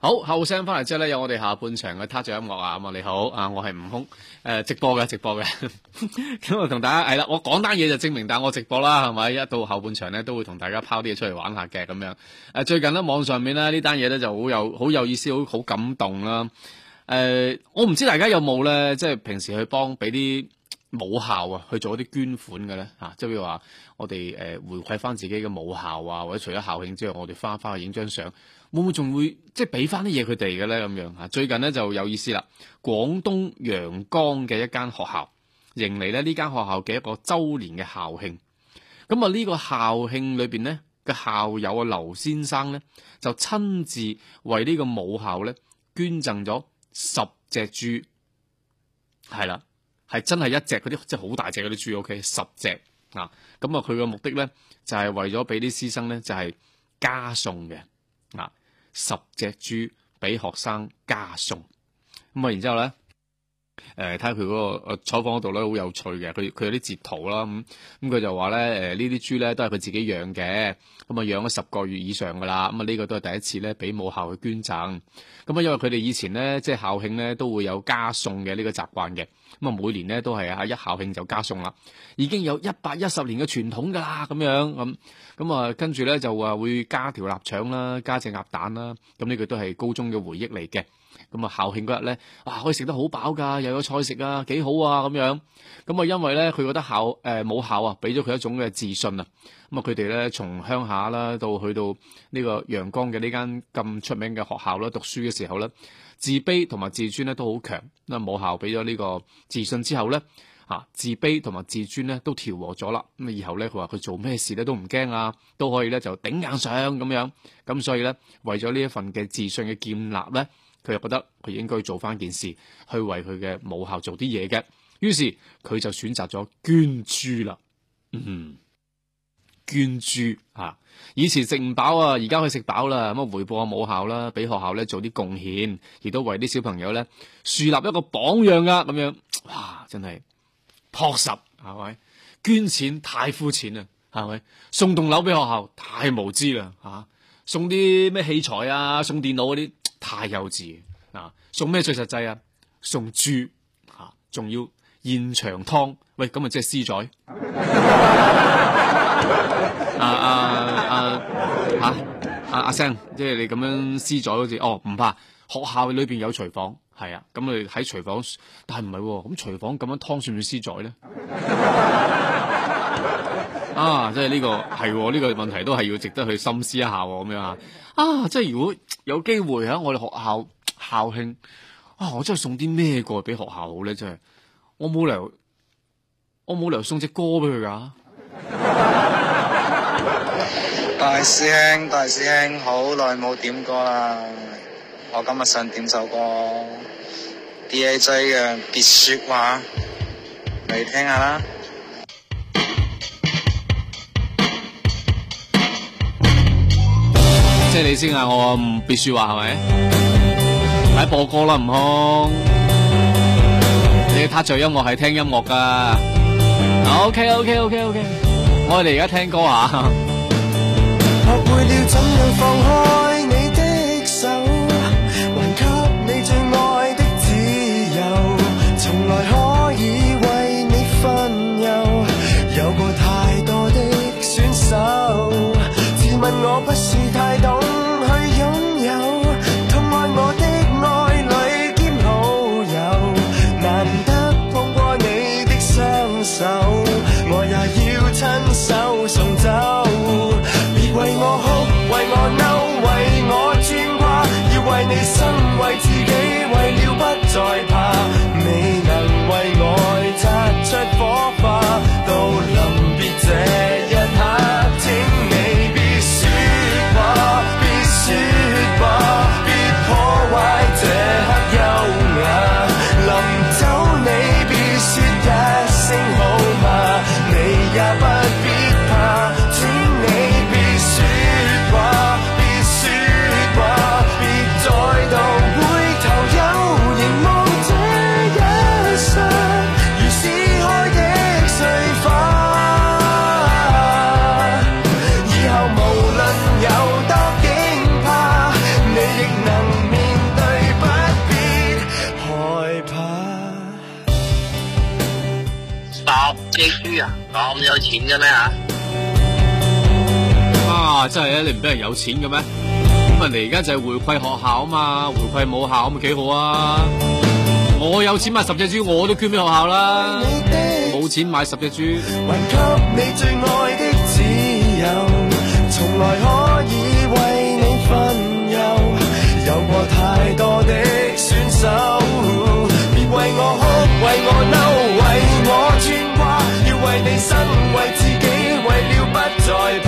好後聲翻嚟之後咧，有我哋下半場嘅他者音樂啊！咁、嗯、啊，你好啊，我係悟空，誒、呃，直播嘅直播嘅，咁啊同大家係啦、嗯，我講單嘢就證明，但我直播啦，係咪？一到後半場咧，都會同大家拋啲嘢出嚟玩下嘅咁樣。誒、呃，最近咧網上面咧呢單嘢咧就好有好有意思，好好感動啦、啊。誒、呃，我唔知大家有冇咧，即、就、係、是、平時去幫俾啲母校啊去做啲捐款嘅咧吓，即係譬如話我哋誒回饋翻自己嘅母校啊，或者除咗校慶之外，我哋翻翻去影張相。會唔會仲會即係俾翻啲嘢佢哋嘅咧咁樣啊？最近咧就有意思啦，廣東陽江嘅一間學校迎嚟咧呢間學校嘅一個週年嘅校慶。咁啊呢個校慶裏邊呢個校友啊劉先生咧就親自為呢個母校咧捐贈咗十隻豬，係啦，係真係一隻嗰啲即係好大隻嗰啲豬，OK，十隻啊。咁啊佢嘅目的咧就係為咗俾啲師生咧就係加餸嘅啊。十隻豬俾學生加餸，咁啊，然之後咧。誒睇下佢嗰個採訪嗰度咧，好有趣嘅。佢佢有啲截圖啦，咁咁佢就話咧，誒、嗯嗯、呢啲、呃、豬咧都係佢自己養嘅，咁、嗯、啊養咗十個月以上噶啦，咁啊呢個都係第一次咧俾母校去捐贈。咁、嗯、啊因為佢哋以前咧即係校慶咧都會有加餸嘅呢個習慣嘅，咁、嗯、啊每年咧都係啊一校慶就加餸啦，已經有一百一十年嘅傳統噶啦，咁樣咁咁啊跟住咧就話會加條臘腸啦，加隻鴨蛋啦，咁呢個都係高中嘅回憶嚟嘅。嗯咁啊！校慶嗰日咧，哇！可以食得好飽噶，又有菜食啊，幾好啊！咁樣咁啊，因為咧，佢覺得校誒、呃、母校啊，俾咗佢一種嘅自信啊。咁、嗯、啊，佢哋咧從鄉下啦，到去到呢個陽江嘅呢間咁出名嘅學校啦，讀書嘅時候咧，自卑同埋自尊咧都好強。咁啊，母校俾咗呢個自信之後咧，啊自卑同埋自尊咧都調和咗啦。咁啊，以後咧，佢話佢做咩事咧都唔驚啊，都可以咧就頂硬上咁樣。咁、嗯、所以咧，為咗呢一份嘅自信嘅建立咧。佢又覺得佢應該做翻件事，去為佢嘅母校做啲嘢嘅，於是佢就選擇咗捐豬啦。嗯，捐豬啊！以前食唔飽啊，而家可以食飽啦。咁啊，回報母校啦，俾學校咧做啲貢獻，亦都為啲小朋友咧樹立一個榜樣啊！咁樣哇，真係樸實，係咪、啊？捐錢太膚淺啦，係、啊、咪？送棟樓俾學校太無知啦，吓、啊！送啲咩器材啊，送電腦嗰啲。太幼稚啊！送咩最實際啊？送豬嚇，仲、啊、要現場劏喂，咁啊即係私宰。 啊啊啊嚇！阿、啊、阿、啊、生，即係你咁樣私宰好似哦唔怕，學校裏邊有廚房係啊，咁你喺廚房，但係唔係喎，咁廚房咁樣劏算唔算私宰咧？ 啊！即係呢、這個係呢、 這個問題都係要值得去深思一下咁樣啊！啊！即係如果有機會喺我哋學校校慶，啊！我真係送啲咩過俾學校好咧？真係，我冇理由，我冇理由送隻歌俾佢噶。 大師兄，大師兄，好耐冇點歌啦！我今日想點首歌，D A J 嘅《別說話》，嚟聽下啦。即係你先啊！我唔別說話係咪？睇播歌啦，悟空。你撻住音樂係聽音樂噶。好 okay，OK，OK，OK，OK okay, okay, okay。啊。我哋而家聽歌啊。學會了，怎樣放開我也要親手送走，別為我哭，為我嬲，為我牽掛，要為你生，為自己，為了不再怕。俾人有錢嘅咩？咁人你而家就係回饋學校啊嘛，回饋母校咁咪幾好啊！我有錢買十隻豬，我都捐俾學校啦。你哋冇錢買十隻豬，還給你最愛的自由，從來可以為你分憂。有過太多的選手，別為我哭，為我嬲，為我牽掛，要為你生，為自己，為了不再。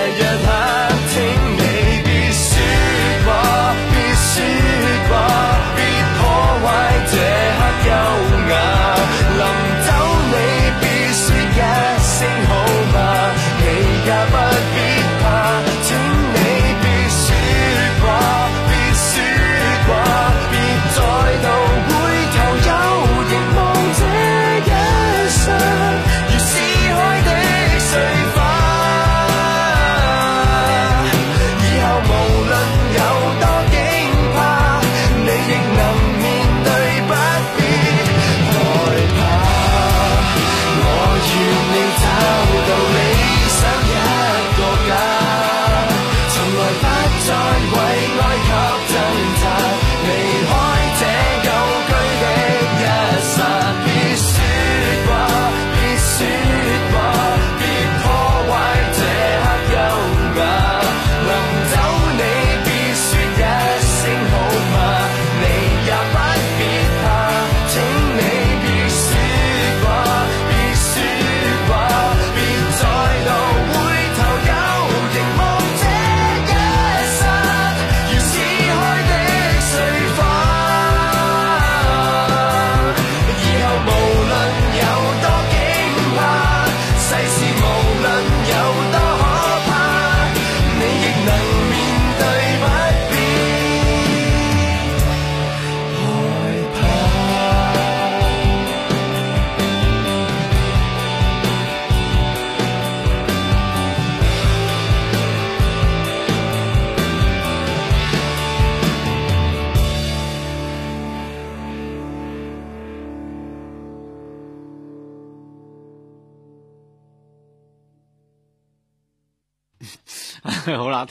好啦，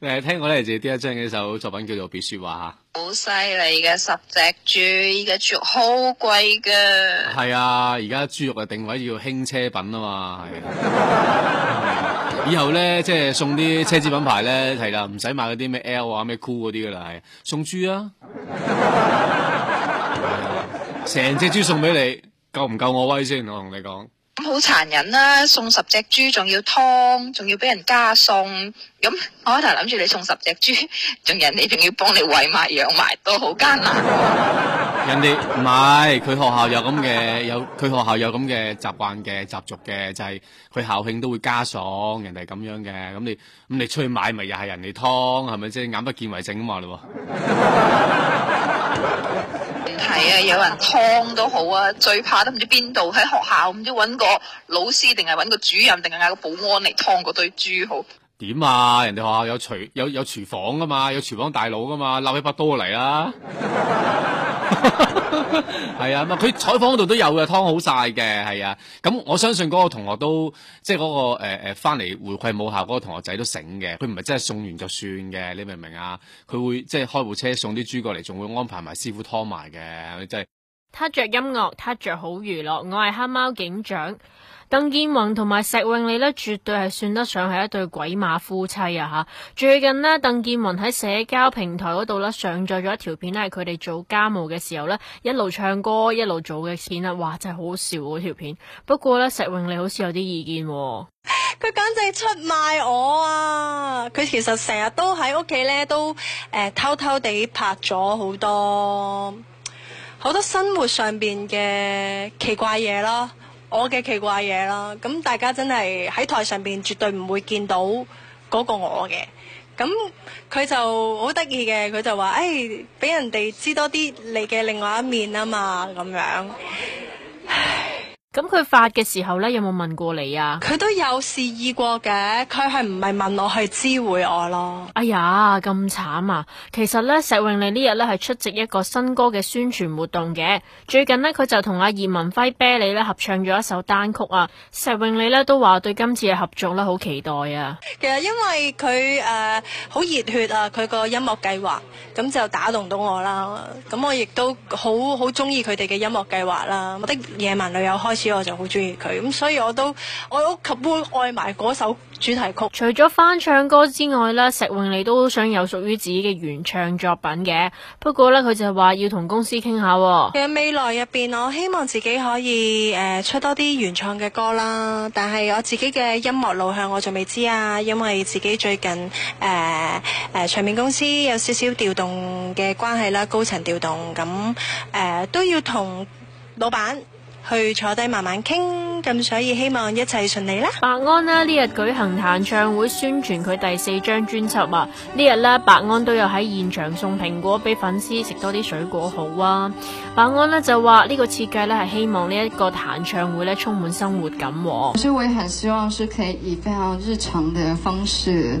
誒，聽過咧就聽第一張嘅一首作品叫做《別說話》吓，好犀利嘅十隻豬。而家豬肉好貴嘅，係啊，而家豬肉嘅定位叫輕奢品啊嘛，係、啊 嗯，以後咧即係送啲奢侈品牌咧係啦，唔使買嗰啲咩 L 啊咩 Cool 嗰啲噶啦，係送豬啊，成隻豬送俾、啊 嗯、你，夠唔夠我威先？我同你講。咁好殘忍啦、啊！送十隻豬，仲要劏，仲要俾人加送。咁、嗯、我一頭諗住你送十隻豬，仲人哋仲要幫你喂埋養埋，都好艱難、啊。人哋唔係，佢學校有咁嘅有，佢學校有咁嘅習慣嘅習俗嘅，就係、是、佢校慶都會加餸，人哋咁樣嘅。咁、嗯、你咁、嗯、你出去買咪又係人哋劏，係咪即係眼不見為淨啊嘛嘞？ 係啊，有人劏都好啊，最怕都唔知邊度喺學校，唔知揾個老師定係揾個主任定係嗌個保安嚟劏嗰堆豬好？點啊？人哋學校有廚有有廚房噶嘛，有廚房大佬噶嘛，撈起把刀嚟啊。 係 啊，咁佢採訪嗰度都有嘅，湯好晒嘅，係啊。咁、嗯、我相信嗰個同學都即係、那、嗰個誒誒翻嚟，回饋母校嗰、那個同學仔都醒嘅，佢唔係真係送完就算嘅，你明唔明啊？佢會即係開部車送啲豬過嚟，仲會安排埋師傅拖埋嘅，即係。他着音樂，他着好娛樂，我係黑貓警長。鄧健泓同埋石詠莉咧，絕對係算得上係一對鬼馬夫妻啊！吓，最近呢，鄧健泓喺社交平台嗰度咧，上載咗一條片，係佢哋做家務嘅時候咧，一路唱歌一路做嘅片啦，哇，真係好笑嗰條片。不過咧，石詠莉好似有啲意見，哦，佢簡直出賣我啊！佢其實成日都喺屋企咧，都誒、呃、偷偷地拍咗好多好多生活上邊嘅奇怪嘢咯。我嘅奇怪嘢啦，咁大家真係喺台上邊絕對唔會見到嗰個我嘅，咁佢就好得意嘅，佢就話，誒，俾人哋知多啲你嘅另外一面啊嘛，咁樣。咁佢發嘅時候咧，有冇問過你啊？佢都有示意過嘅，佢係唔係問我去知會我咯？哎呀，咁慘啊！其實咧，石永麗呢日咧係出席一個新歌嘅宣傳活動嘅。最近咧，佢就同阿葉文輝、啤梨咧合唱咗一首單曲啊。石永麗咧都話對今次嘅合作咧好期待啊！其實因為佢誒好熱血啊，佢個音樂計劃咁就打動到我啦。咁我亦都好好中意佢哋嘅音樂計劃啦。我的野蠻女友開始。我就好中意佢，咁所以我都我屋企會愛埋嗰首主題曲。除咗翻唱歌之外呢，石永莉都想有屬於自己嘅原唱作品嘅。不過呢，佢就話要同公司傾下。其實未來入邊，我希望自己可以誒、呃、出多啲原創嘅歌啦。但係我自己嘅音樂路向我仲未知啊，因為自己最近誒誒唱片公司有少少調動嘅關係啦，高層調動咁誒、嗯呃、都要同老闆。去坐低慢慢傾，咁所以希望一切順利啦。白安呢，呢日舉行彈唱會宣傳佢第四張專輯啊。呢日呢，白安都有喺現場送蘋果俾粉絲，食多啲水果好啊。白安呢就話呢個設計呢係希望呢一個彈唱會呢充滿生活感啊。所以我，我也很希望是可以以非常日常的方式。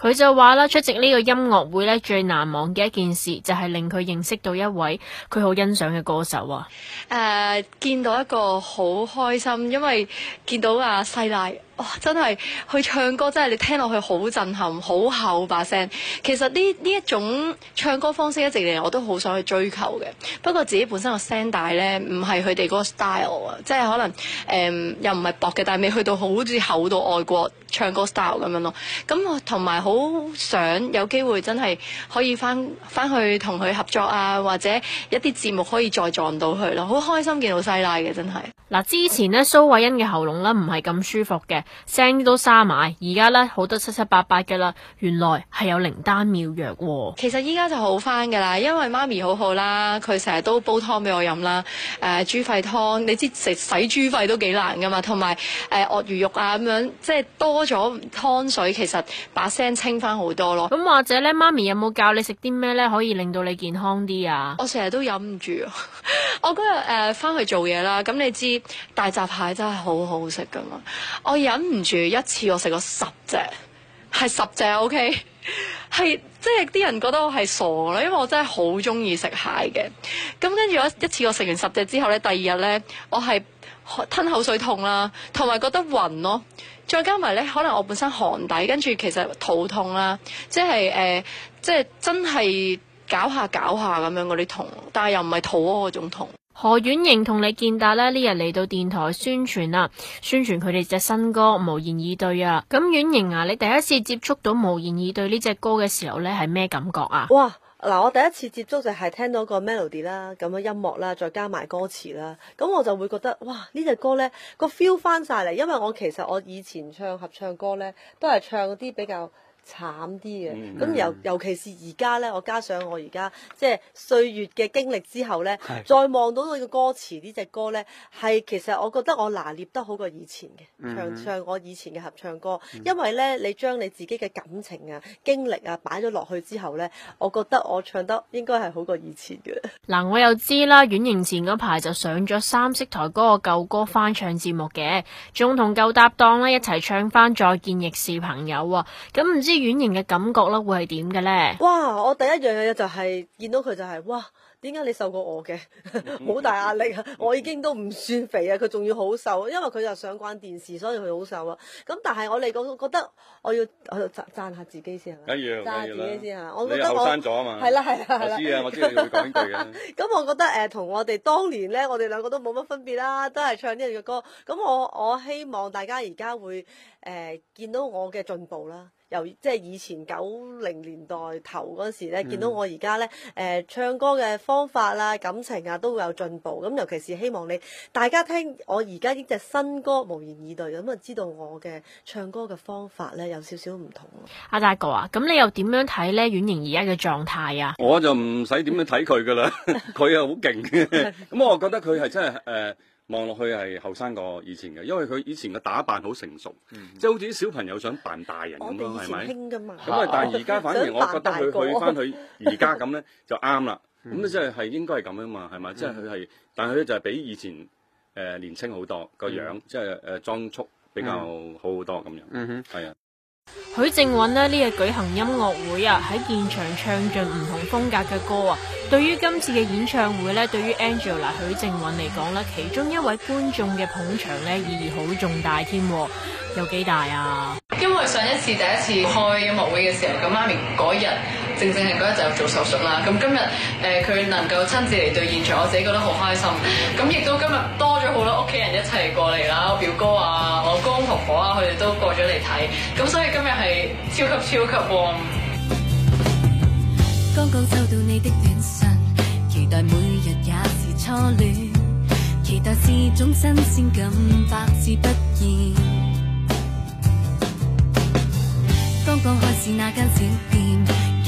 佢就話啦，出席呢個音樂會咧，最難忘嘅一件事就係、是、令佢認識到一位佢好欣賞嘅歌手啊！誒，uh, 見到一個好開心，因為見到啊，西拉。哇、哦！真係去唱歌真係你聽落去好震撼，好厚把聲。其實呢呢一種唱歌方式一直嚟我都好想去追求嘅。不過自己本身個聲帶呢，唔係佢哋嗰個 style 啊，即係可能誒、嗯、又唔係薄嘅，但係未去到好似厚到外國唱歌 style 咁樣咯。咁同埋好想有機會真係可以翻翻去同佢合作啊，或者一啲節目可以再撞到佢咯。好開心見到西拉嘅真係。嗱，之前呢，蘇偉恩嘅喉嚨咧唔係咁舒服嘅。聲都沙埋，而家呢好得七七八八嘅啦。原來係有靈丹妙藥、哦。其實依家就好翻噶啦，因為媽咪好好啦，佢成日都煲湯俾我飲啦。誒、呃、豬肺湯，你知食洗豬肺都幾難噶嘛，同埋誒鱷魚肉啊咁樣，即係多咗湯水，其實把聲清翻好多咯。咁或者呢，媽咪有冇教你食啲咩呢？可以令到你健康啲啊？我成日都飲唔住， 我嗰日誒翻去做嘢啦，咁你知大閘蟹真係好好食噶嘛，我有。忍唔住一次我食咗十隻，係十隻 OK，係即係啲人覺得我係傻啦，因為我真係好中意食蟹嘅。咁跟住我一次我食完十隻之後咧，第二日咧我係吞口水痛啦，同埋覺得暈咯，再加埋咧可能我本身寒底，跟住其實肚痛啦，即係誒、呃，即係真係搞下搞下咁樣啲痛，但係又唔係肚嗰種痛。何婉瑩同李健達咧呢日嚟到電台宣傳啦、啊，宣傳佢哋隻新歌《無言以對》啊！咁婉瑩啊，你第一次接觸到《無言以對》呢隻歌嘅時候呢係咩感覺啊？哇！嗱，我第一次接觸就係聽到個 melody 啦，咁樣音樂啦，再加埋歌詞啦，咁我就會覺得哇！呢隻歌呢，個 feel 翻晒嚟，因為我其實我以前唱合唱歌呢，都係唱啲比較，慘啲嘅，咁尤、mm hmm. 尤其是而家咧，我加上我而家即係歲月嘅經歷之後咧，mm hmm. 再望到呢個歌詞呢隻歌咧，係其實我覺得我拿捏得好過以前嘅、mm hmm. 唱唱我以前嘅合唱歌，因為咧你將你自己嘅感情啊、經歷啊擺咗落去之後咧，我覺得我唱得應該係好過以前嘅。嗱，我又知啦，婉盈前排就上咗三色台嗰個舊歌翻唱節目嘅，仲同舊搭檔咧一齊唱翻《再見亦是朋友》啊，咁唔知。啲圓形嘅感覺咧會係點嘅咧？哇！我第一樣嘢就係、是、見到佢就係、是、哇，點解你瘦過我嘅？好 大壓力啊！嗯、我已經都唔算肥啊，佢仲要好瘦，因為佢又上慣電視，所以佢好瘦啊。咁但係我哋嗰、 嗯、覺得，呃、我要去讚讚下自己先啊。一樣，讚下自己先啊！我知得我刪咗啊嘛。係啦，係啦，我知啊，我知佢講句嘅。咁我覺得誒，同我哋當年咧，我哋兩個都冇乜分別啦，都係唱呢樣嘅歌。咁、嗯、我、嗯、我希望大家而家會誒、呃、見到我嘅進步啦。由即係以前九零年代頭嗰時咧，嗯、見到我而家咧誒唱歌嘅方法啦、啊、感情啊都會有進步。咁、嗯、尤其是希望你大家聽我而家呢隻新歌《無言以對》，咁、嗯、啊知道我嘅唱歌嘅方法咧有少少唔同。阿、啊、大哥啊，咁你又點樣睇咧？婉瑩而家嘅狀態啊？我就唔使點樣睇佢噶啦，佢又好勁嘅。咁、 嗯、我覺得佢係真係誒。呃望落去係後生過以前嘅，因為佢以前嘅打扮好成熟，嗯、哼即係好似啲小朋友想扮大人咁咯，係咪？咁啊，但係而家反而我覺得佢 去翻佢而家咁咧就啱啦。咁咧、嗯、哼即係係應該係咁樣嘛，係嘛？嗯、哼即係佢係，但係咧就係比以前誒、呃、年輕好多個、嗯、哼樣，即係誒裝束比較好好多咁樣。嗯哼，係啊。許靜韻呢，呢日舉行音樂會啊，喺現場唱盡唔同風格嘅歌啊。對於今次嘅演唱會咧，對於 Angela 許靜韻嚟講咧，其中一位觀眾嘅捧場咧意義好重大添，有幾大啊？因為上一次第一次開音樂會嘅時候，佢媽咪嗰日，正正係嗰日就做手術啦，咁今日誒，佢能夠親自嚟到現場，我自己覺得好開心。咁亦都今日多咗好多屋企人一齊過嚟啦，我表哥啊，我公公婆婆啊，佢哋都過咗嚟睇。咁所以今日係超級超級旺。a r 剛剛收到你的短信，期待每日也是初戀，期待是種新鮮感，百試不厭。剛剛開始那間小店。